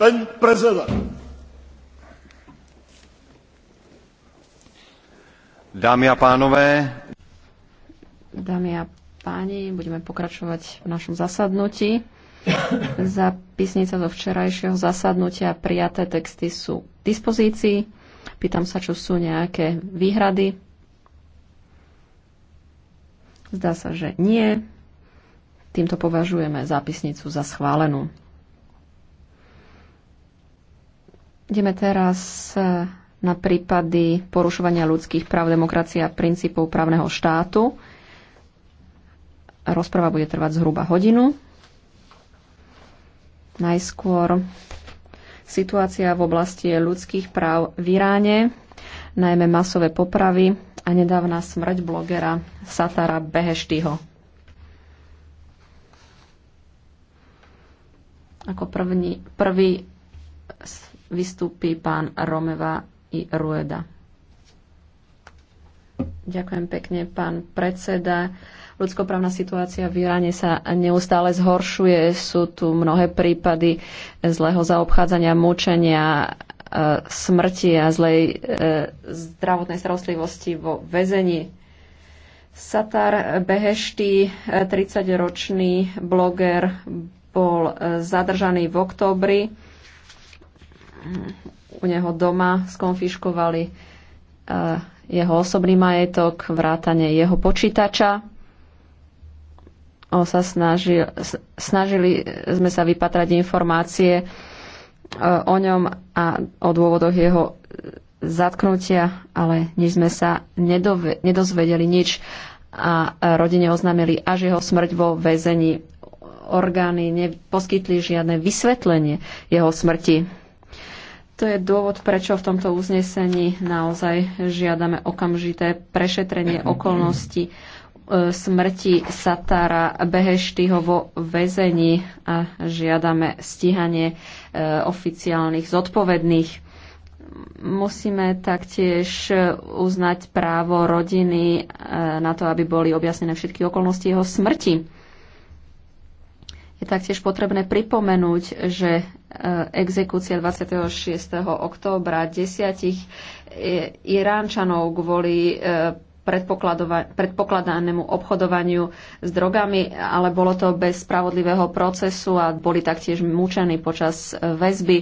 Pán prezident. Dámy a pánové. Dámy a páni, budeme pokračovať v našom zasadnutí. Zapisnica zo včerajšieho zasadnutia prijaté texty sú k dispozícii. Pýtam sa, čo sú nejaké výhrady. Zdá sa, že nie. Týmto považujeme zápisnicu za schválenú. Ideme teraz e, na prípady porušovania ľudských práv, demokracie a princípov právneho štátu. Rozprava bude trvať zhruba hodinu. Najskôr situácia v oblasti ľudských práv v Iráne, najmä masové popravy a nedávna smrť blogera Satara Beheštyho. Ako první, prvý vystúpi pán Romeva i Rueda. Ďakujem pekne, pán predseda. Ľudskoprávna situácia v Iráne sa neustále zhoršuje. Sú tu mnohé prípady zlého zaobchádzania, mučenia, e, smrti a zlej e, zdravotnej starostlivosti vo väzení. Satar Behešti, 30-ročný e, bloger, bol zadržaný v októbri u neho doma skonfiškovali eh, jeho osobný majetok, vrátane jeho počítača. On sa snažil, snažili sme sa vypatrať informácie eh, o ňom a o dôvodoch jeho zatknutia, ale nič sme sa nedove, nedozvedeli nič a rodine oznámili až jeho smrť vo väzení. Orgány neposkytli žiadne vysvetlenie jeho smrti. To je dôvod, prečo v tomto uznesení naozaj žiadame okamžité prešetrenie okolností e, smrti satára, Beheštyho vo väzení a žiadame stíhanie e, oficiálnych zodpovedných. Musíme taktiež uznať právo rodiny e, na to, aby boli objasnené všetky okolnosti jeho smrti. Je taktiež potrebné pripomenúť, že exekúcia 26. októbra desiatich e, Iránčanov kvôli e, predpokladanému obchodovaniu s drogami, ale bolo to bez spravodlivého procesu a boli taktiež mučení počas e, väzby.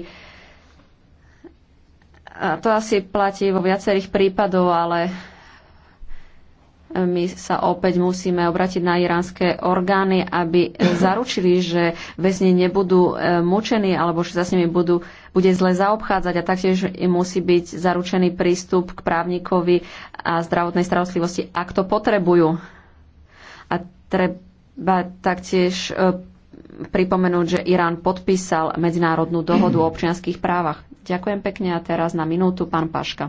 A to asi platí vo viacerých prípadoch, ale my sa opäť musíme obratiť na iránske orgány, aby zaručili, že väzni nebudú e, mučení alebo že sa s nimi budú, bude zle zaobchádzať a taktiež im musí byť zaručený prístup k právnikovi a zdravotnej starostlivosti, ak to potrebujú. A treba taktiež e, pripomenúť, že Irán podpísal medzinárodnú dohodu o občianských právach. Ďakujem pekne a teraz na minútu pán Paška.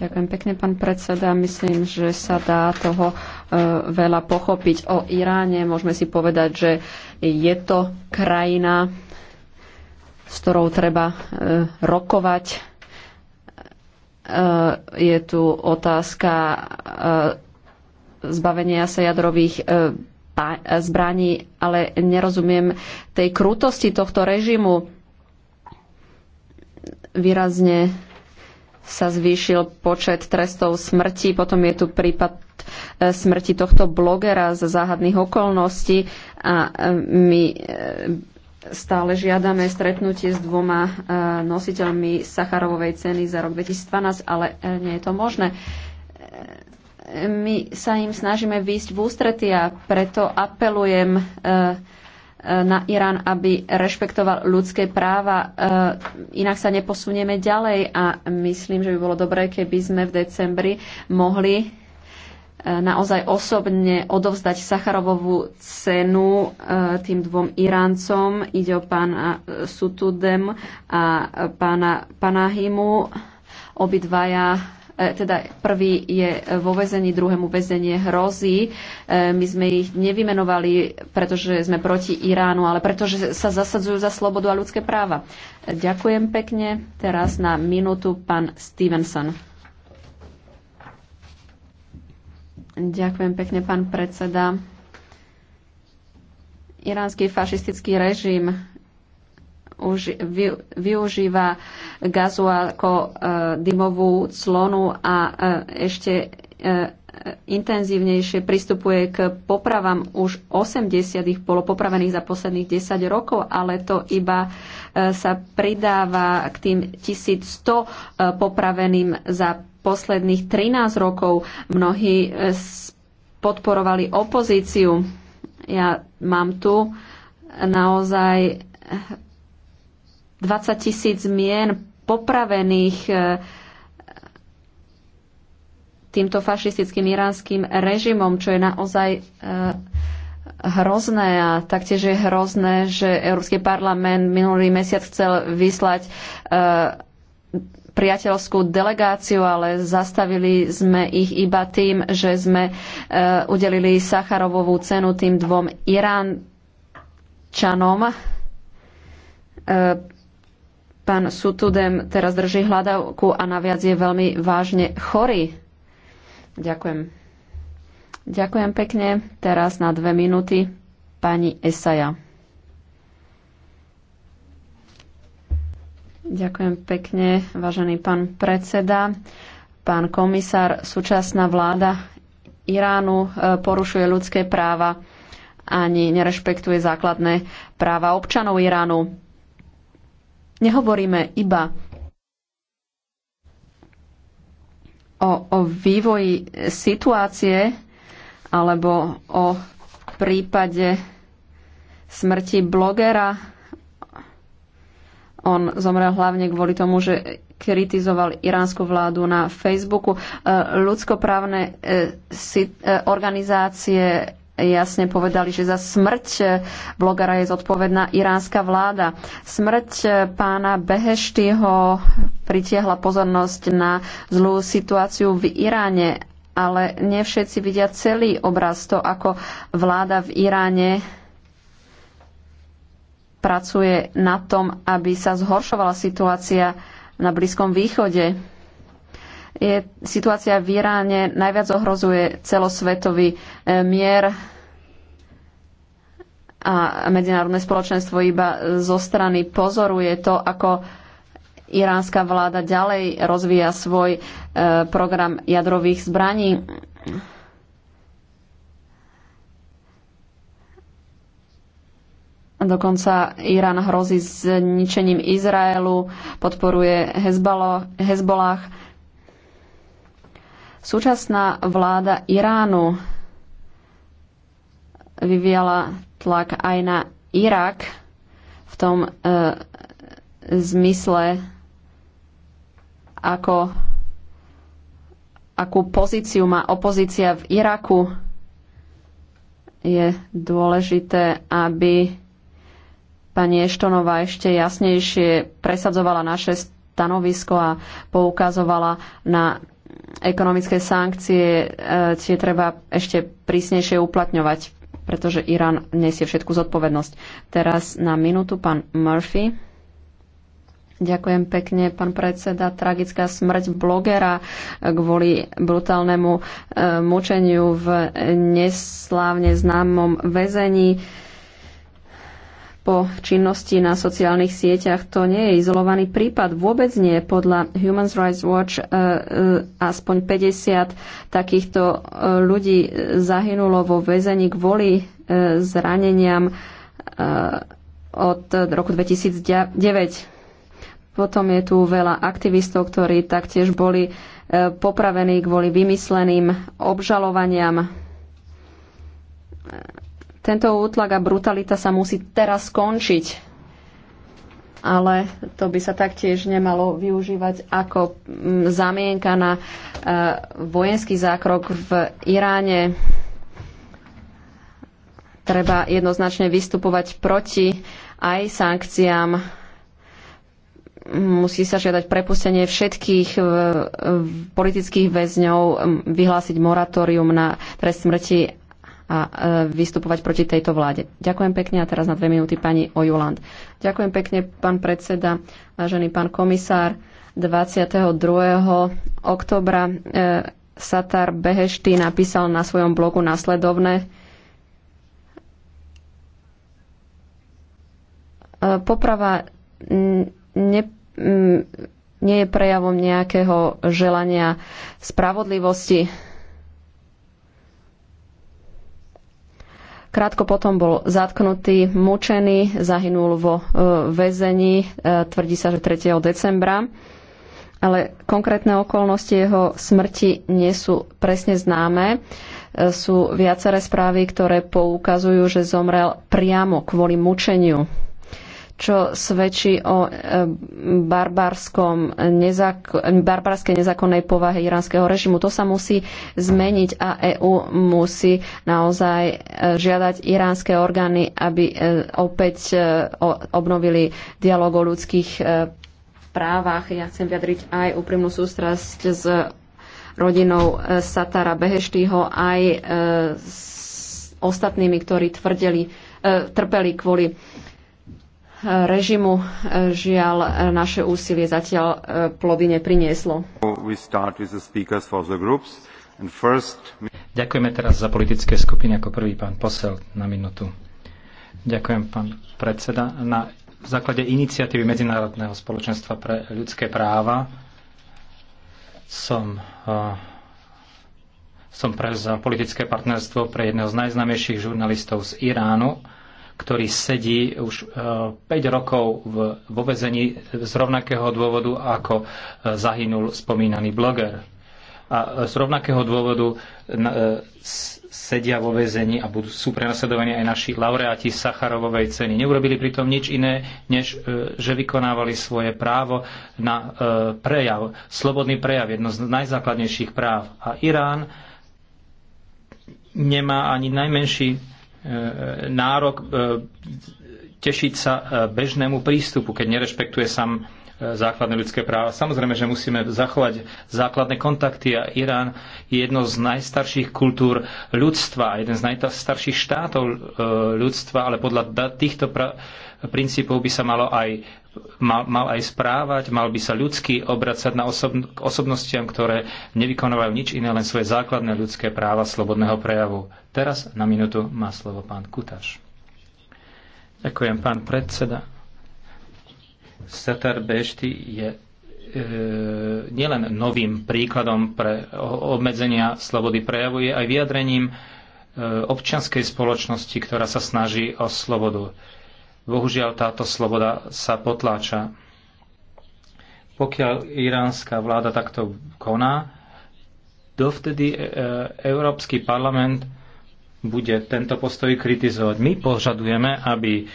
Ďakujem pekne, pán predseda. Myslím, že sa dá toho e, veľa pochopiť o Iráne. Môžeme si povedať, že je to krajina, s ktorou treba e, rokovať. E, je tu otázka zbavenia sa jadrových zbraní, ale nerozumiem tej krutosti tohto režimu. Výrazne sa zvýšil počet trestov smrti. Potom je tu prípad e, smrti tohto blogera z záhadných okolností a e, my e, stále žiadame stretnutie s dvoma nositeľmi Sacharovovej ceny za rok 2012, ale nie je to možné. My sa im snažíme výjsť v ústretia, preto apelujem na Irán, aby rešpektoval ľudské práva. E, inak sa neposunieme ďalej a myslím, že by bolo dobré, keby sme v decembri mohli e, naozaj osobne odovzdať Sacharovovú cenu e, tým dvom Iráncom. Ide o pána Sutudem a pána Panahimu. Obidvaja E, teda prvý je vo väzení, druhému väzenie hrozí. E, my sme ich nevymenovali, pretože sme proti Iránu, ale pretože sa zasadzujú za slobodu a ľudské práva. E, ďakujem pekne. Teraz na minútu pán Stevenson. Ďakujem pekne, pán predseda. Iránsky fašistický režim už využíva gazu ako e, dymovú clonu a e, ešte e, intenzívnejšie pristupuje k popravám. Už 80 ich bolo popravených za posledných 10 rokov, ale to iba sa pridáva k tým 1100 popraveným za posledných 13 rokov. Mnohí podporovali opozíciu. Ja mám tu naozaj 20 tisíc mien popravených e, týmto fašistickým iránským režimom, čo je naozaj e, hrozné a taktiež je hrozné, že Európsky parlament minulý mesiac chcel vyslať e, priateľskú delegáciu, ale zastavili sme ich iba tým, že sme udelili Sacharovovú cenu tým dvom Iránčanom Pán Sutudem teraz drží hľadavku a naviac je veľmi vážne chorý. Ďakujem. Ďakujem pekne. Teraz na dve minúty pani Esaja. Ďakujem pekne, vážený pán predseda. Pán komisár, súčasná vláda Iránu e, porušuje ľudské práva ani nerešpektuje základné práva občanov Iránu Nehovoríme iba o, o vývoji situácie alebo o prípade smrti blogera. On zomrel hlavne kvôli tomu, že kritizoval iránsku vládu na Facebooku. Eh, ľudskoprávne eh, eh, organizácie jasne povedali, že za smrť e, blogera je zodpovedná iránska vláda. Smrť e, pána Beheštyho pritiahla pozornosť na zlú situáciu v Iráne, ale ne všetci vidia celý obraz to, ako vláda v Iráne pracuje na tom, aby sa zhoršovala situácia na Blízkom východe je situácia v Iráne najviac ohrozuje celosvetový e, mier a medzinárodné spoločenstvo iba zo strany pozoruje to, ako iránska vláda ďalej rozvíja svoj e, program jadrových zbraní. Dokonca Irán hrozí zničením Izraelu, podporuje hezbolách. Súčasná vláda Iránu vyviala tlak aj na Irak v tom e, zmysle, ako, akú pozíciu má opozícia v Iraku. Je dôležité, aby pani Eštonová ešte jasnejšie presadzovala naše stanovisko a poukazovala na ekonomické sankcie e, tie treba ešte prísnejšie uplatňovať, pretože Irán nesie všetku zodpovednosť. Teraz na minútu pán Murphy. Ďakujem pekne, pán predseda. Tragická smrť blogera e, kvôli brutálnemu e, mučeniu v neslávne známom väzení po činnosti na sociálnych sieťach. To nie je izolovaný prípad, vôbec nie. Podľa Human Rights Watch e, e, aspoň 50 takýchto e, ľudí zahynulo vo väzení kvôli zraneniam od roku 2009. Potom je tu veľa aktivistov, ktorí taktiež boli popravení kvôli vymysleným obžalovaniam tento útlak a brutalita sa musí teraz skončiť ale to by sa taktiež nemalo využívať ako mm, zamienka na e, vojenský zákrok v Iráne. Treba jednoznačne vystupovať proti aj sankciám. Musí sa žiadať prepustenie všetkých e, e, politických väzňov, vyhlásiť moratórium na trest smrti a e, vystupovať proti tejto vláde. Ďakujem pekne a teraz na dve minúty pani Ojuland. Ďakujem pekne, pán predseda, vážený pán komisár. 22. oktobra e, Satar Behešty napísal na svojom blogu následovné. E, poprava ne, nie je prejavom nejakého želania spravodlivosti Krátko potom bol zatknutý, mučený, zahynul vo e, väzení, e, tvrdí sa, že 3. decembra. Ale konkrétne okolnosti jeho smrti nie sú presne známe. E, sú viaceré správy, ktoré poukazujú, že zomrel priamo kvôli mučeniu čo svedčí o e, barbarskom, nezak- barbarskej nezákonnej povahe iránskeho režimu. To sa musí zmeniť a EÚ musí naozaj e, žiadať iránske orgány, aby e, opäť obnovili dialog o ľudských právach. Ja chcem vyjadriť aj úprimnú sústrasť s rodinou Satara Beheštýho aj s ostatnými, ktorí tvrdeli, trpeli kvôli režimu. E, žiaľ, naše úsilie zatiaľ e, plody neprinieslo. Ďakujeme teraz za politické skupiny ako prvý pán posel na minútu. Ďakujem, pán predseda. Na základe iniciatívy Medzinárodného spoločenstva pre ľudské práva som, uh, som prevzal politické partnerstvo pre jedného z najznámejších žurnalistov z Iránu, ktorý sedí už 5 e, rokov v, vo vezení z rovnakého dôvodu, ako e, zahynul spomínaný bloger. A e, z rovnakého dôvodu sedia vo vezení a budú, sú prenasledovaní aj naši laureáti Sacharovovej ceny. Neurobili pritom nič iné, než že vykonávali svoje právo na prejav, slobodný prejav, jedno z najzákladnejších práv. A Irán nemá ani najmenší E, nárok e, tešiť sa e, bežnému prístupu, keď nerešpektuje sám základné ľudské práva. Samozrejme, že musíme zachovať základné kontakty a Irán je jedno z najstarších kultúr ľudstva, jeden z najstarších štátov ľudstva, ale podľa týchto princípov by sa malo aj mal, mal aj správať, mal by sa ľudsky obracať na osob, k osobnostiam, ktoré nevykonávajú nič iné, len svoje základné ľudské práva slobodného prejavu. Teraz na minútu má slovo pán Kutáš. Ďakujem, pán predseda. Satar Bešty je e, nielen novým príkladom pre obmedzenia slobody prejavu, je aj vyjadrením e, občianskej spoločnosti, ktorá sa snaží o slobodu. E, Bohužiaľ táto sloboda sa potláča. Pokiaľ iránska vláda takto koná, dovtedy e, e, Európsky parlament bude tento postoj kritizovať. My požadujeme, aby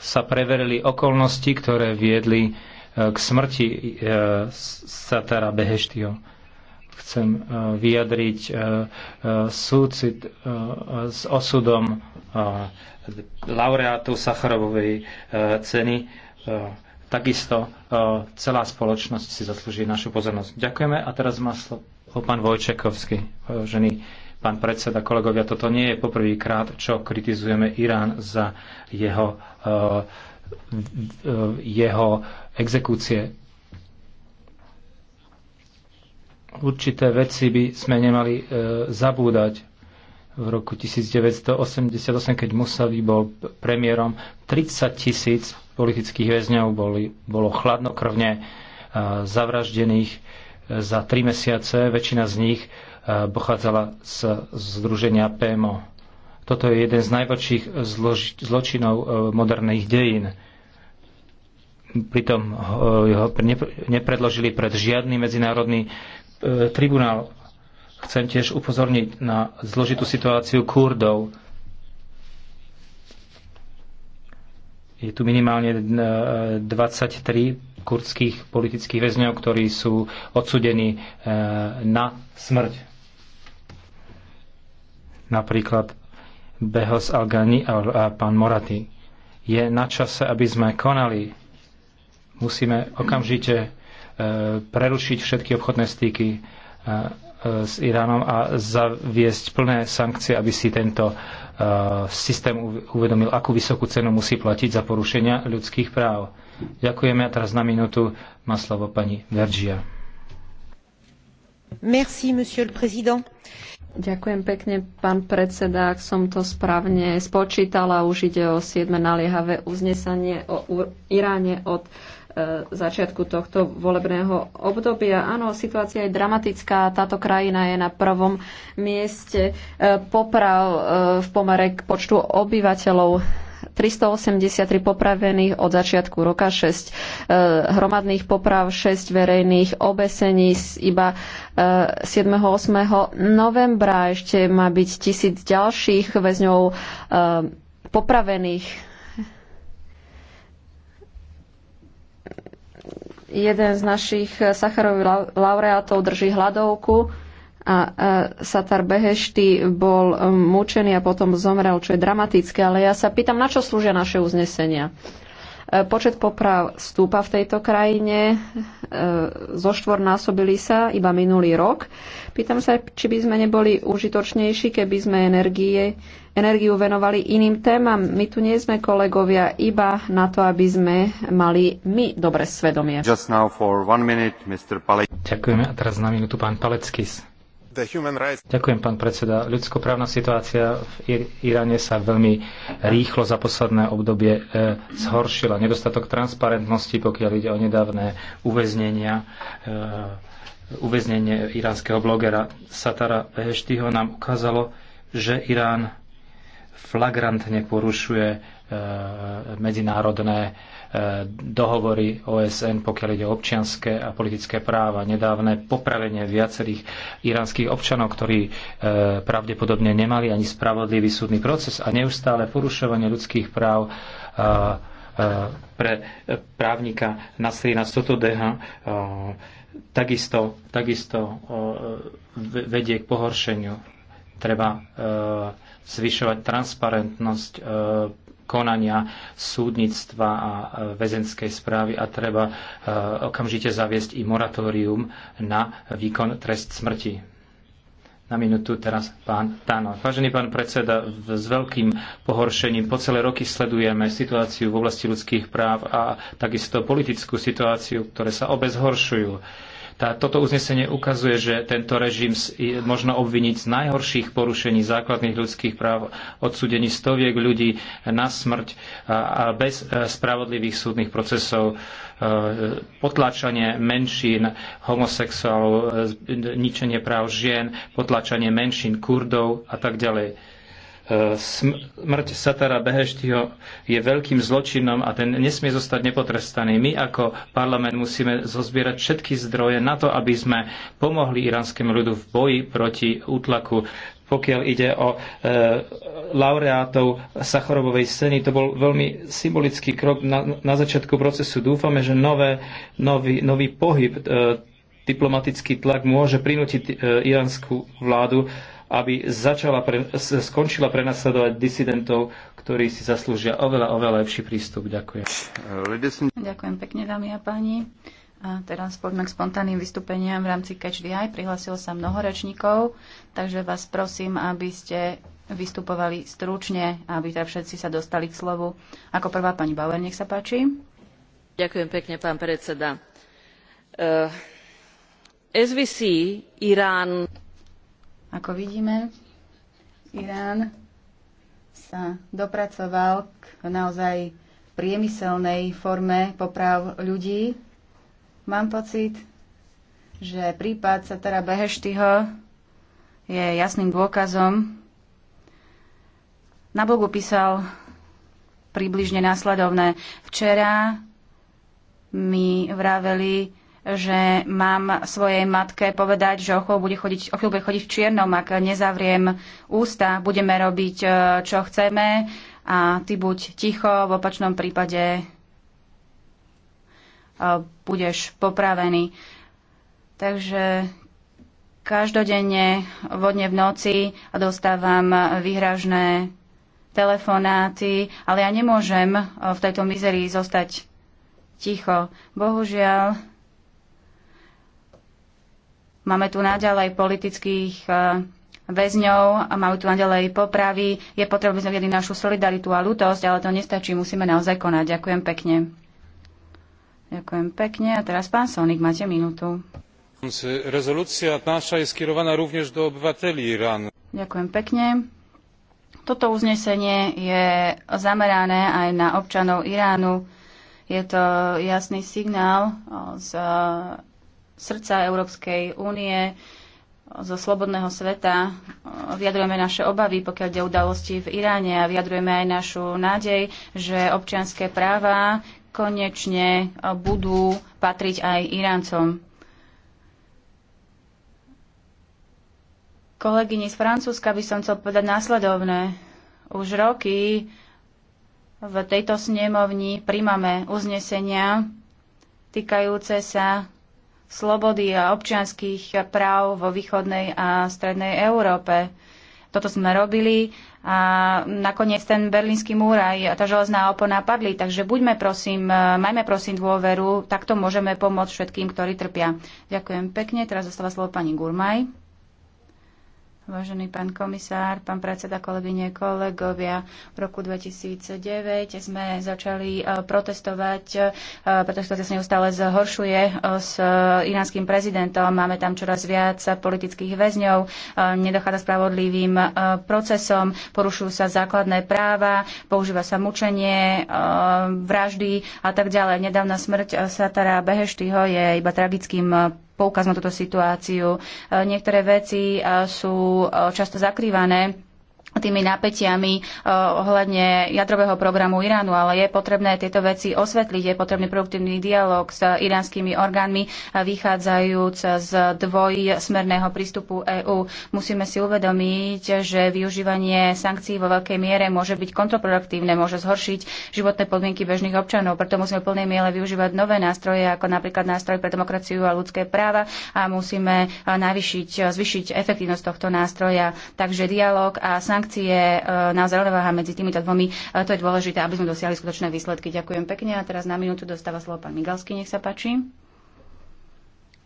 sa preverili okolnosti, ktoré viedli e, k smrti Satara Beheštio. Chcem vyjadriť súcit s osudom laureátov Sacharovovej e, ceny. E, takisto e, celá spoločnosť si zaslúži našu pozornosť. Ďakujeme a teraz má slovo pán Vojčekovský, vážený pán predseda, kolegovia. Toto nie je poprvýkrát, čo kritizujeme Irán za jeho, jeho exekúcie. Určité veci by sme nemali zabúdať v roku 1988, keď Musavi bol premiérom, 30 tisíc politických väzňov boli, bolo chladnokrvne eh, zavraždených eh, za tri mesiace. Väčšina z nich eh, pochádzala z združenia PMO. Toto je jeden z najväčších zločinov moderných dejín. Pritom ho nepredložili pred žiadny medzinárodný tribunál Chcem tiež upozorniť na zložitú situáciu Kurdov. Je tu minimálne 23 e, kurdských politických väzňov, ktorí sú odsudení e, na smrť. Napríklad Behos Algani a pán Moraty. Je na čase, aby sme konali. Musíme okamžite e, prerušiť všetky obchodné styky s Iránom a zaviesť plné sankcie, aby si tento e, systém uvedomil, akú vysokú cenu musí platiť za porušenia ľudských práv. Ďakujeme a teraz na minútu má slovo pani vergia. Merci, monsieur le président. Ďakujem pekne, pán predseda. Ak som to správne spočítala, už ide o 7 naliehavé uznesanie o Iráne od E, začiatku tohto volebného obdobia. Áno, situácia je dramatická. Táto krajina je na prvom mieste e, poprav e, v pomere k počtu obyvateľov 383 popravených od začiatku roka, 6 hromadných poprav, 6 verejných obesení z iba 7. 8. novembra. Ešte má byť tisíc ďalších väzňov popravených jeden z našich Sacharových laureátov drží hladovku a e, Satar Behešty bol e, mučený a potom zomrel, čo je dramatické. Ale ja sa pýtam, na čo slúžia naše uznesenia? Počet poprav stúpa v tejto krajine, e, zo štvornásobili sa iba minulý rok. Pýtam sa, či by sme neboli užitočnejší, keby sme energie, energiu venovali iným témam. My tu nie sme kolegovia iba na to, aby sme mali my dobre svedomie. Just now for one minute, Mr. Ďakujeme a teraz na minútu pán Paleckis. Ďakujem, pán predseda. Ľudskoprávna situácia v Iráne sa veľmi rýchlo za posledné obdobie e, zhoršila. Nedostatok transparentnosti, pokiaľ ide o nedávne uväznenia e, uväznenie iránskeho blogera Satara Beheštyho nám ukázalo, že Irán flagrantne porušuje e, medzinárodné dohovory OSN, pokiaľ ide o občianské a politické práva. Nedávne popravenie viacerých iránskych občanov, ktorí e, pravdepodobne nemali ani spravodlivý súdny proces a neustále porušovanie ľudských práv pre právnika Nasrina Sotodeha takisto, takisto e, vedie k pohoršeniu. Treba e, zvyšovať transparentnosť konania súdnictva a e, väzenskej správy a treba e, okamžite zaviesť i moratórium na výkon trest smrti. Na minútu teraz pán Tano. Vážený pán predseda, s veľkým pohoršením po celé roky sledujeme situáciu v oblasti ľudských práv a takisto politickú situáciu, ktoré sa obezhoršujú. zhoršujú tá, toto uznesenie ukazuje, že tento režim možno obviniť z najhorších porušení základných ľudských práv, odsudení stoviek ľudí na smrť a, a bez e, spravodlivých súdnych procesov, e, potláčanie menšín, homosexuálov, e, ničenie práv žien, potlačanie menšín, kurdov a tak ďalej Smrť Satara Beheštiho je veľkým zločinom a ten nesmie zostať nepotrestaný. My ako parlament musíme zozbierať všetky zdroje na to, aby sme pomohli iránskemu ľudu v boji proti útlaku pokiaľ ide o e, laureátov Sachorovovej scény. To bol veľmi symbolický krok na, na začiatku procesu. Dúfame, že nové, nový, nový pohyb, e, diplomatický tlak môže prinútiť e, iránsku vládu aby začala pre, skončila prenasledovať disidentov, ktorí si zaslúžia oveľa, oveľa lepší prístup. Ďakujem. Ďakujem pekne, dámy a páni. A teraz poďme k spontánnym vystúpeniam v rámci Catch the Eye. Prihlásilo sa mnoho rečníkov, takže vás prosím, aby ste vystupovali stručne, aby teda všetci sa dostali k slovu. Ako prvá pani Bauer, nech sa páči. Ďakujem pekne, pán predseda. Uh, eh, SVC, Irán, ako vidíme, Irán sa dopracoval k naozaj priemyselnej forme poprav ľudí. Mám pocit, že prípad Satara Beheštyho je jasným dôkazom. Na blogu písal približne následovné. Včera mi vraveli, že mám svojej matke povedať, že o chvíľu bude chodiť, o chvíľu bude chodiť v čiernom, ak nezavriem ústa, budeme robiť, e, čo chceme a ty buď ticho, v opačnom prípade e, budeš popravený. Takže každodenne vodne v noci dostávam výhražné telefonáty, ale ja nemôžem e, v tejto mizerii zostať ticho. Bohužiaľ, Máme tu naďalej politických e, väzňov a máme tu naďalej popravy. Je potrebné, aby sme viedli našu solidaritu a ľutosť, ale to nestačí, musíme naozaj konať. Ďakujem pekne. Ďakujem pekne. A teraz pán Sonik, máte minútu. Rezolúcia naša je skierovaná rovnež do obyvateľí Iránu. Ďakujem pekne. Toto uznesenie je zamerané aj na občanov Iránu. Je to jasný signál z srdca Európskej únie, zo slobodného sveta. Vyjadrujeme naše obavy, pokiaľ ide udalosti v Iráne a vyjadrujeme aj našu nádej, že občianské práva konečne budú patriť aj Iráncom. Kolegyni z Francúzska by som chcel povedať následovné. Už roky v tejto snemovni príjmame uznesenia týkajúce sa slobody a občianských práv vo východnej a strednej Európe. Toto sme robili a nakoniec ten berlínsky múr aj tá železná opona padli. Takže buďme prosím, majme prosím dôveru, takto môžeme pomôcť všetkým, ktorí trpia. Ďakujem pekne. Teraz zostáva slovo pani Gurmaj. Vážený pán komisár, pán predseda, kolegyne, kolegovia, v roku 2009 sme začali e, protestovať, e, protestovať sa neustále zhoršuje e, s iránským prezidentom. Máme tam čoraz viac politických väzňov, nedochádza spravodlivým procesom, porušujú sa základné práva, používa sa mučenie, vraždy a tak ďalej. Nedávna smrť Satara Beheštyho je iba tragickým poukaz na túto situáciu. E, niektoré veci e, sú e, často zakrývané tými napätiami eh, ohľadne jadrového programu Iránu, ale je potrebné tieto veci osvetliť, je potrebný produktívny dialog s iránskymi orgánmi, eh, vychádzajúc z dvojsmerného prístupu EÚ. Musíme si uvedomiť, že využívanie sankcií vo veľkej miere môže byť kontraproduktívne, môže zhoršiť životné podmienky bežných občanov, preto musíme v plnej miele využívať nové nástroje, ako napríklad nástroj pre demokraciu a ľudské práva a musíme eh, navyšiť, zvyšiť efektívnosť tohto nástroja. Takže dialog a sankcie sankcie e, na rovnováha medzi týmito dvomi. E, to je dôležité, aby sme dosiahli skutočné výsledky. Ďakujem pekne. A teraz na minútu dostáva slovo pán Migalský. Nech sa páči.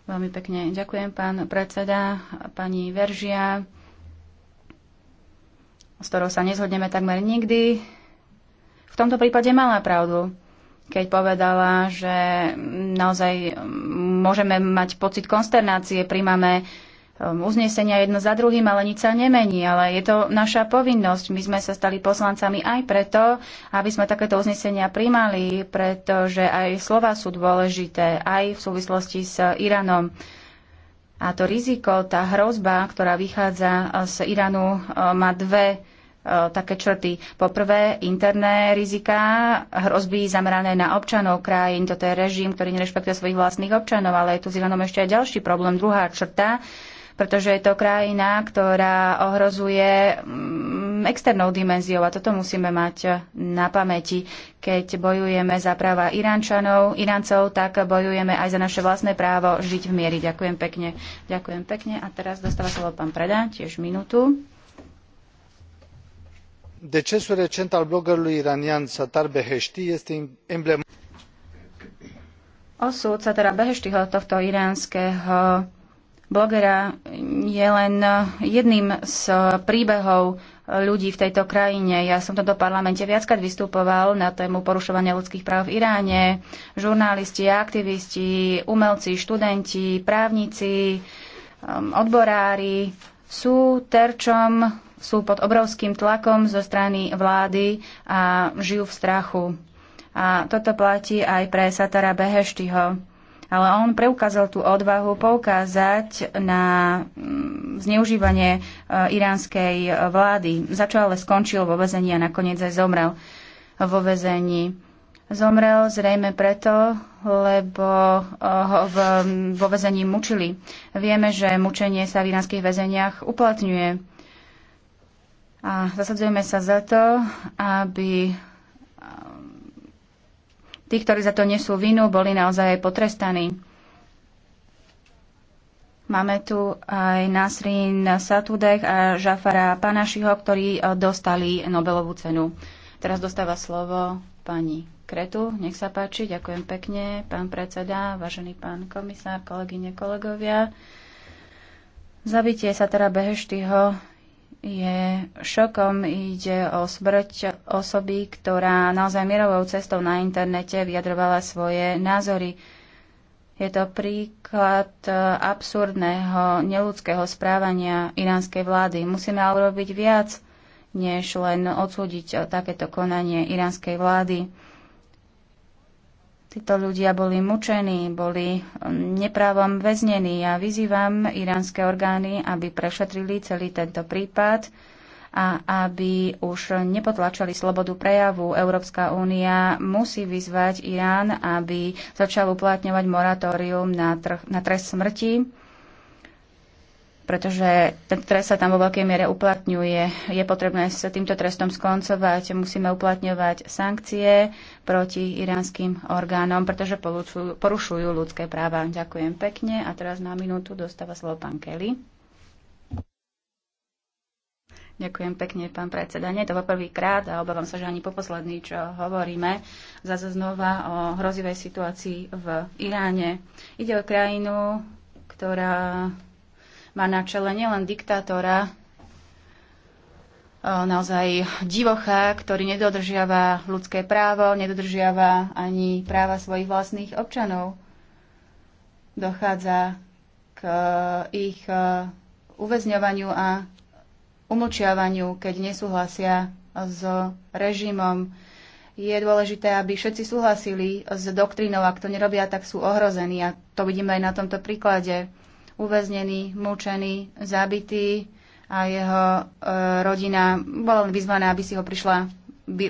Veľmi pekne ďakujem, pán predseda, pani Veržia, s ktorou sa nezhodneme takmer nikdy. V tomto prípade mala pravdu keď povedala, že naozaj môžeme mať pocit konsternácie, príjmame Um, uznesenia jedno za druhým, ale nič sa nemení. Ale je to naša povinnosť. My sme sa stali poslancami aj preto, aby sme takéto uznesenia primali, pretože aj slova sú dôležité, aj v súvislosti s Iránom. A to riziko, tá hrozba, ktorá vychádza uh, z Iránu, uh, má dve uh, také črty. Poprvé, interné rizika, hrozby zamerané na občanov krajín. Toto je režim, ktorý nerešpektuje svojich vlastných občanov, ale je tu s Iránom ešte aj ďalší problém. Druhá črta, pretože je to krajina, ktorá ohrozuje mm, externou dimenziou a toto musíme mať na pamäti. Keď bojujeme za práva Iránčanov, Iráncov, tak bojujeme aj za naše vlastné právo žiť v miery. Ďakujem pekne. Ďakujem pekne. A teraz dostáva slovo pán Preda, tiež minútu. Decesul recent al bloggerului iranian Satar Beheshti este emblematic Osud sa teda Beheštyho, tohto iránskeho blogera je len jedným z príbehov ľudí v tejto krajine. Ja som v tomto parlamente viackrát vystupoval na tému porušovania ľudských práv v Iráne. Žurnalisti, aktivisti, umelci, študenti, právnici, um, odborári sú terčom, sú pod obrovským tlakom zo strany vlády a žijú v strachu. A toto platí aj pre Satara Beheštyho ale on preukázal tú odvahu poukázať na mm, zneužívanie e, iránskej e, vlády, Začal ale skončil vo vezení a nakoniec aj zomrel vo vezení. Zomrel zrejme preto, lebo e, ho v, mm, vo vezení mučili. Vieme, že mučenie sa v iránskych väzeniach uplatňuje. A zasadzujeme sa za to, aby Tí, ktorí za to nesú vinu, boli naozaj potrestaní. Máme tu aj Nasrin Satudek a Žafara Panašiho, ktorí e, dostali Nobelovú cenu. Teraz dostáva slovo pani Kretu. Nech sa páči, ďakujem pekne, pán predseda, vážený pán komisár, kolegyne, kolegovia. Zabitie sa teda Beheštyho je šokom. Ide o smrť osoby, ktorá naozaj mierovou cestou na internete vyjadrovala svoje názory. Je to príklad e, absurdného, neludského správania iránskej vlády. Musíme ale robiť viac, než len odsúdiť e, takéto konanie iránskej vlády. Títo ľudia boli mučení, boli um, neprávom väznení. Ja vyzývam iránske orgány, aby prešetrili celý tento prípad a aby už nepotlačali slobodu prejavu. Európska únia musí vyzvať Irán, aby začal uplatňovať moratórium na, trh, na trest smrti pretože ten trest sa tam vo veľkej miere uplatňuje. Je potrebné s týmto trestom skoncovať, musíme uplatňovať sankcie proti iránskym orgánom, pretože porušujú, ľudské práva. Ďakujem pekne a teraz na minútu dostáva slovo pán Kelly. Ďakujem pekne, pán predseda. Nie je to poprvýkrát a obávam sa, že ani poposledný, čo hovoríme, zase znova o hrozivej situácii v Iráne. Ide o krajinu, ktorá má na čele nielen diktátora, e, naozaj divocha, ktorý nedodržiava ľudské právo, nedodržiava ani práva svojich vlastných občanov. Dochádza k e, ich e, uväzňovaniu a umlčiavaniu, keď nesúhlasia s režimom. Je dôležité, aby všetci súhlasili s doktrínou, ak to nerobia, tak sú ohrození. A to vidíme aj na tomto príklade uväznený, mučený, zabitý a jeho e, rodina bola len vyzvaná, aby si ho prišla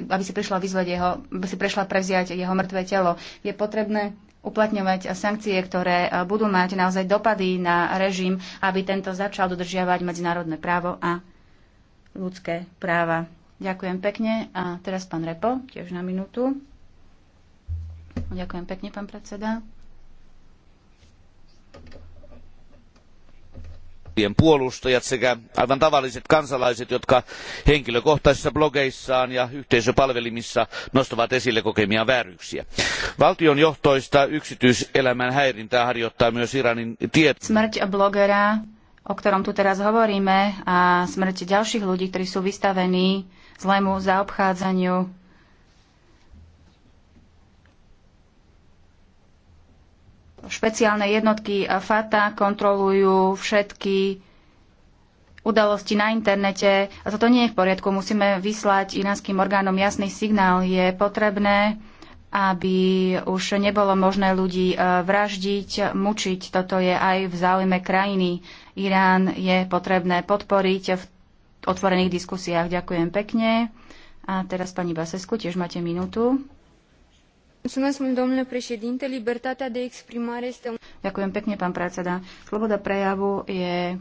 aby si prišla vyzvať jeho, aby si prišla prevziať jeho mŕtve telo. Je potrebné uplatňovať sankcie, ktoré e, budú mať naozaj dopady na režim, aby tento začal dodržiavať medzinárodné právo a ľudské práva. Ďakujem pekne. A teraz pán Repo, tiež na minútu. Ďakujem pekne, pán predseda. demokratian puolustajat sekä aivan tavalliset kansalaiset jotka henkilökohtaisissa blogeissaan ja yhteisöpalvelimissa nostavat esille kokemiaan vääryyksiä. valtionjohtoista yksityiselämän häirintää harjoittaa myös iranin tiet o ktorom tu teraz hovoríme, a smrť ďalších ľudí, ktorí sú vystavení zlému zaobchádzaniu špeciálne jednotky eh, FATA kontrolujú všetky udalosti na internete. A toto nie je v poriadku. Musíme vyslať iránskym orgánom jasný signál. Je potrebné, aby už nebolo možné ľudí eh, vraždiť, mučiť. Toto je aj v záujme krajiny. Irán je potrebné podporiť v otvorených diskusiách. Ďakujem pekne. A teraz pani Basesku, tiež máte minútu. Libertatea de exprimare este... Ďakujem pekne, pán predseda. Sloboda prejavu je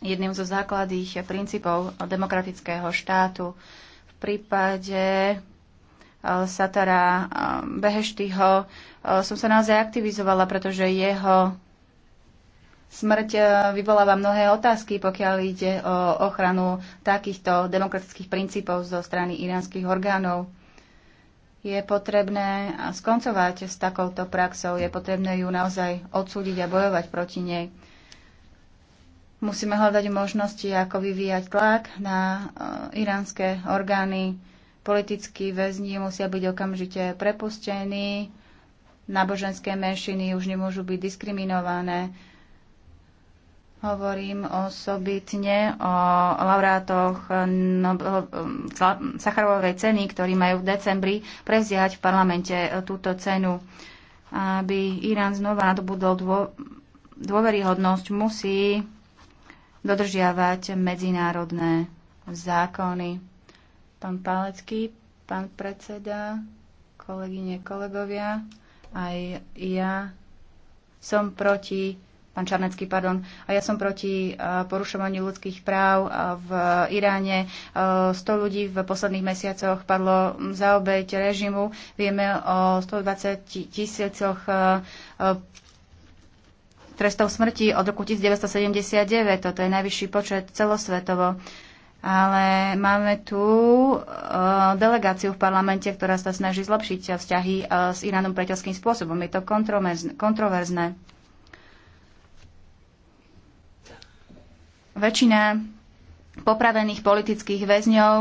jedným zo základných princípov demokratického štátu. V prípade eh, Satara eh, Beheštyho eh, som sa naozaj aktivizovala, pretože jeho smrť vyvoláva mnohé otázky, pokiaľ ide o ochranu takýchto demokratických princípov zo strany iránskych orgánov je potrebné skoncovať s takouto praxou, je potrebné ju naozaj odsúdiť a bojovať proti nej. Musíme hľadať možnosti, ako vyvíjať tlak na eh, iránske orgány. Politickí väzni musia byť okamžite prepustení, náboženské menšiny už nemôžu byť diskriminované, Hovorím osobitne o laureátoch Sacharovej ceny, ktorí majú v decembri prevziať v parlamente e, túto cenu. Aby Irán znova nadobudol dôveryhodnosť, musí dodržiavať medzinárodné zákony. Pán Pálecký, pán predseda, kolegyne, kolegovia, aj ja som proti pán Čarnecký, pardon. A ja som proti e, porušovaniu ľudských práv e, v Iráne. 100 e, ľudí v posledných mesiacoch padlo za obeď režimu. Vieme o 120 tisícoch trestov smrti od roku 1979. Toto je najvyšší počet celosvetovo. Ale máme tu delegáciu v parlamente, ktorá sa snaží zlepšiť vzťahy s Iránom priateľským spôsobom. Je to kontroverzné. väčšina popravených politických väzňov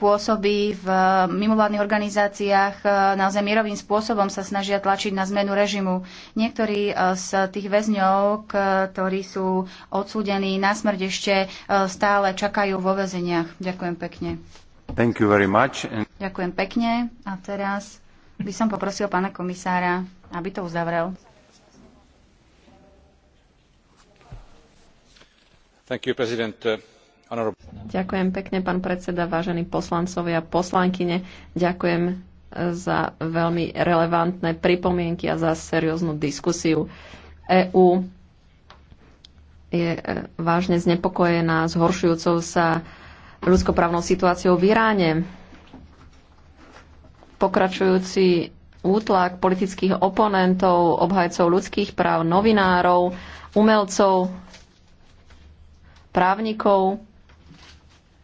pôsobí v mimovládnych organizáciách, e, naozaj mierovým spôsobom sa snažia tlačiť na zmenu režimu. Niektorí e, z tých väzňov, ktorí sú odsúdení na smrť ešte, e, stále čakajú vo väzeniach. Ďakujem pekne. Thank you very much. And... Ďakujem pekne. A teraz by som poprosil pána komisára, aby to uzavrel. ďakujem pekne, pán predseda, vážení poslancovia a poslankyne. Ďakujem e, za veľmi relevantné pripomienky a za serióznu diskusiu. EÚ je e, vážne znepokojená zhoršujúcou sa ľudskoprávnou situáciou v Iráne. Pokračujúci útlak politických oponentov, obhajcov ľudských práv, novinárov, umelcov právnikov,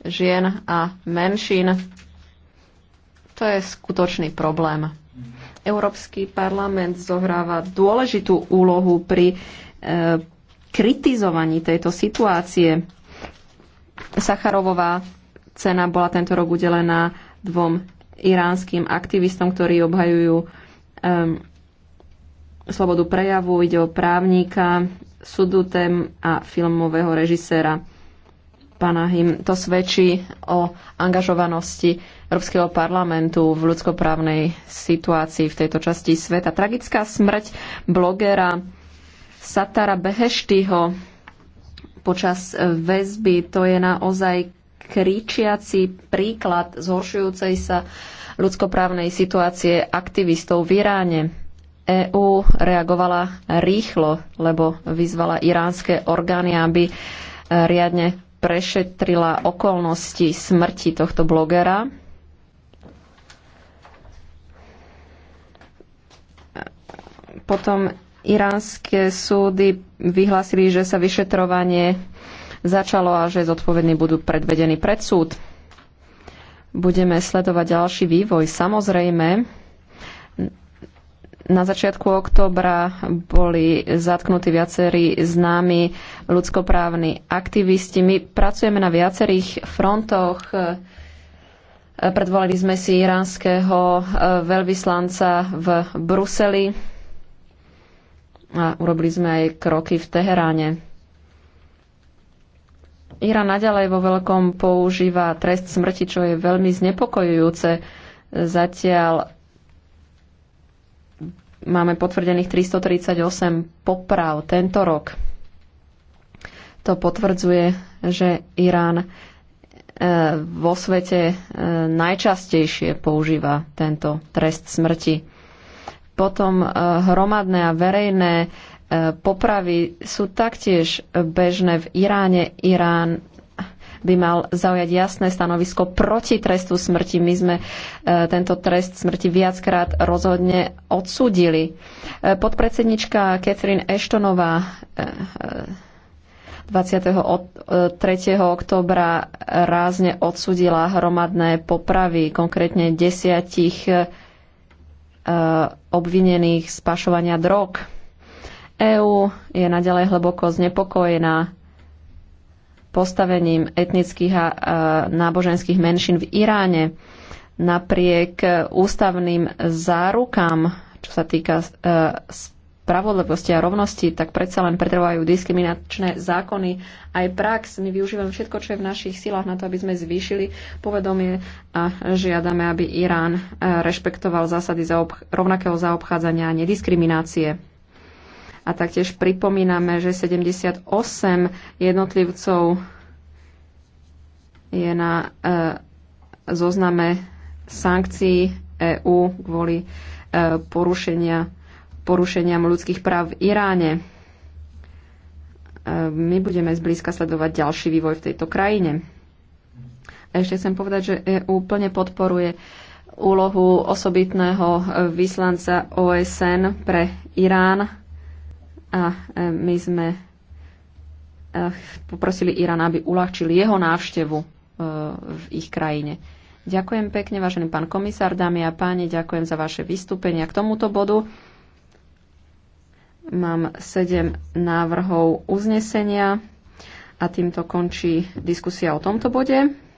žien a menšín. To je skutočný problém. Európsky parlament zohráva dôležitú úlohu pri e, kritizovaní tejto situácie. Sacharovová cena bola tento rok udelená dvom iránskym aktivistom, ktorí obhajujú e, slobodu prejavu. Ide o právnika, sudutem a filmového režiséra Pana Him. To svedčí o angažovanosti Európskeho parlamentu v ľudskoprávnej situácii v tejto časti sveta. Tragická smrť blogera Satara Beheštyho počas väzby, to je naozaj kričiaci príklad zhoršujúcej sa ľudskoprávnej situácie aktivistov v Iráne EÚ reagovala rýchlo, lebo vyzvala iránske orgány, aby e, riadne prešetrila okolnosti smrti tohto blogera. Potom iránske súdy vyhlásili, že sa vyšetrovanie začalo a že zodpovední budú predvedení pred súd. Budeme sledovať ďalší vývoj. Samozrejme, na začiatku októbra boli zatknutí viacerí známi ľudskoprávni aktivisti. My pracujeme na viacerých frontoch. Predvolali sme si iránskeho e, veľvyslanca v Bruseli a urobili sme aj kroky v Teheráne. Irán naďalej vo veľkom používa trest smrti, čo je veľmi znepokojujúce. Zatiaľ Máme potvrdených 338 poprav tento rok. To potvrdzuje, že Irán e, vo svete e, najčastejšie používa tento trest smrti. Potom e, hromadné a verejné popravy sú taktiež bežné v Iráne. Irán by mal zaujať jasné stanovisko proti trestu smrti. My sme e, tento trest smrti viackrát rozhodne odsúdili. E, podpredsednička Catherine Ashtonová 23. E, oktobra rázne odsudila hromadné popravy, konkrétne desiatich obvinených z pašovania drog. EÚ je naďalej hlboko znepokojená postavením etnických a náboženských menšín v Iráne. Napriek ústavným zárukám, čo sa týka e, spravodlivosti a rovnosti, tak predsa len pretrvajú diskriminačné zákony aj prax. My využívame všetko, čo je v našich silách na to, aby sme zvýšili povedomie a žiadame, aby Irán e, rešpektoval zásady rovnakého zaobchádzania a nediskriminácie. A taktiež pripomíname, že 78 jednotlivcov je na e, zozname sankcií EÚ kvôli e, porušenia, porušeniam ľudských práv v Iráne. E, my budeme zblízka sledovať ďalší vývoj v tejto krajine. A ešte chcem povedať, že EÚ plne podporuje úlohu osobitného vyslanca OSN pre Irán a e, my sme e, poprosili Irán, aby uľahčil jeho návštevu e, v ich krajine. Ďakujem pekne, vážený pán komisár, dámy a páni, ďakujem za vaše vystúpenia k tomuto bodu. Mám sedem návrhov uznesenia a týmto končí diskusia o tomto bode.